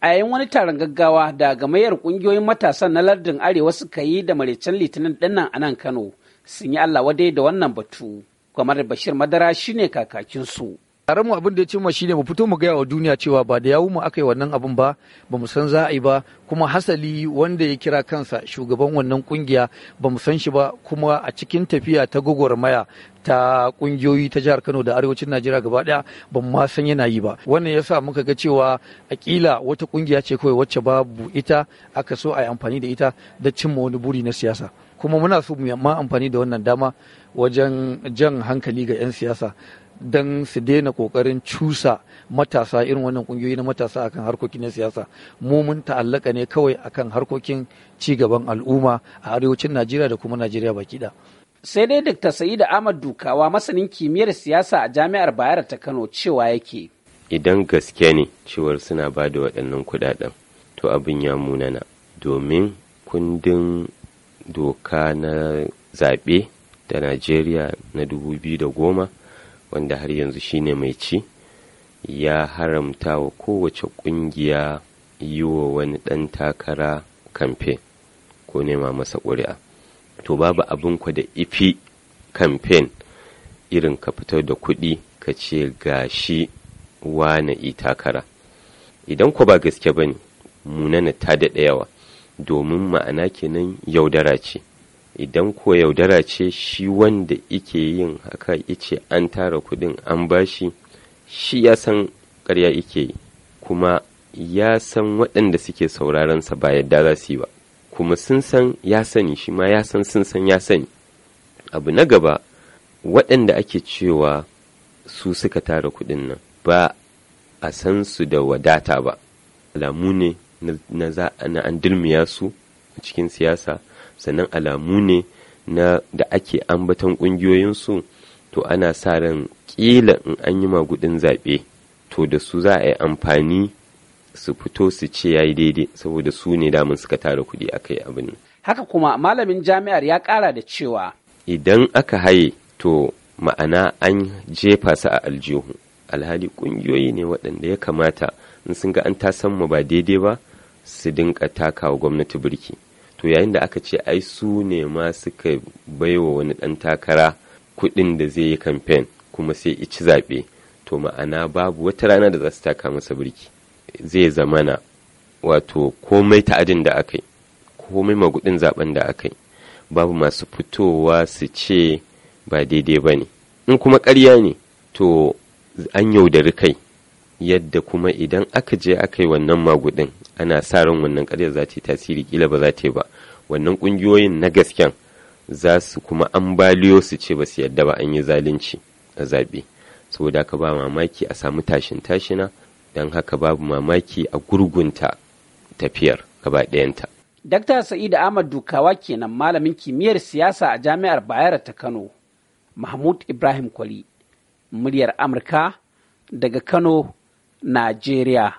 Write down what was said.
a yayin wani taron gaggawa da gamayyar kungiyoyin matasan na lardin arewa suka yi da maraicen litinin dinnan a nan kano sun yi allah wadai da wannan batu kamar bashir madara shine kakakinsu tsaron mu abin da ya ce ma shine mu fito mu gaya wa duniya cewa ba da yawu mu aka yi wannan abin ba ba mu san za a yi ba kuma hasali wanda ya kira kansa shugaban wannan kungiya ba mu san shi ba kuma a cikin tafiya ta gwagwarmaya ta kungiyoyi ta jihar Kano da arewacin Najeriya gaba daya ba ma san yana yi ba wannan yasa muka ga cewa akila wata kungiya ce kawai wacce babu ita aka so a yi amfani da ita da cimma wani buri na siyasa kuma muna so mu ma amfani da wannan dama wajen jan hankali ga 'yan siyasa don su daina kokarin cusa matasa irin wannan kungiyoyi na matasa akan harkokin na siyasa mu mun ta'allaka ne kawai akan harkokin ci gaban al'umma a arewacin Najeriya da kuma Najeriya baki da sai dai Dr. Sa'ida Ahmad Dukawa masanin kimiyyar siyasa a Jami'ar Bayero ta Kano cewa yake idan gaske ne cewar suna ba da waɗannan kuɗaɗen to abin ya munana domin kundin doka na zaɓe da Najeriya na 2010 wanda har yanzu shine mai ci ya haramta wa kowace ƙungiya yi wa wani ɗan takara kamfe ko nema masa ƙuri'a to babu abin ku da ifi kamfen irin ka fitar da kuɗi ka ce gashi wane i takara idan ku ba gaske ba ne munana ta da yawa domin ma'ana kenan yaudara ce idan ko yaudara ce shi wanda ike yin haka ice an tara kudin an bashi shi ya san karya ike yi kuma ya san waɗanda suke sauraransa ba yadda za su yi ba kuma sun san ya sani shi ma ya san sun san ya sani abu na gaba waɗanda ake cewa su suka tara kudin nan ba a san su da wadata ba alamu ne na an su cikin siyasa sannan alamu ne na da ake ambaton ƙungiyoyinsu to ana sa ran kila in an yi magudin zaɓe to da su za a yi amfani su fito su ce ya yi daidai saboda su ne damun suka tara kuɗi aka yi abin haka kuma malamin jami'ar ya ƙara da cewa idan aka haye to ma'ana an jefa su a aljihu alhali ƙungiyoyi ne waɗanda ya kamata in sun ga an tasan mu ba daidai ba su dinka takawa gwamnati birki to yayin da aka ce ai su ne ma suka baiwa wani ɗan takara kuɗin da zai yi kamfen kuma sai ici zaɓe to ma'ana babu wata rana da za su taka masa birki zai zamana wato komai ta'adin da aka yi komai magudin zaben da aka yi babu masu fitowa su ce ba daidai ba ne in kuma ƙarya ne to an yaudari kai yadda kuma idan aka je aka yi wannan magudin ana sa ran wannan karyar za ta tasiri kila ba za ta ba wannan ƙungiyoyin na gasken za su kuma ambaliyo su ce ba su yadda ba an yi zalunci a zaɓe saboda haka ba mamaki a samu tashin tashina don haka babu mamaki a gurgunta tafiyar gaba ɗayanta. Dakta Sa'id Ahmad Dukawa kenan malamin kimiyyar siyasa a Jami'ar Bayero ta Kano, Mahmud Ibrahim Kwali, muryar Amurka daga Kano, Najeriya.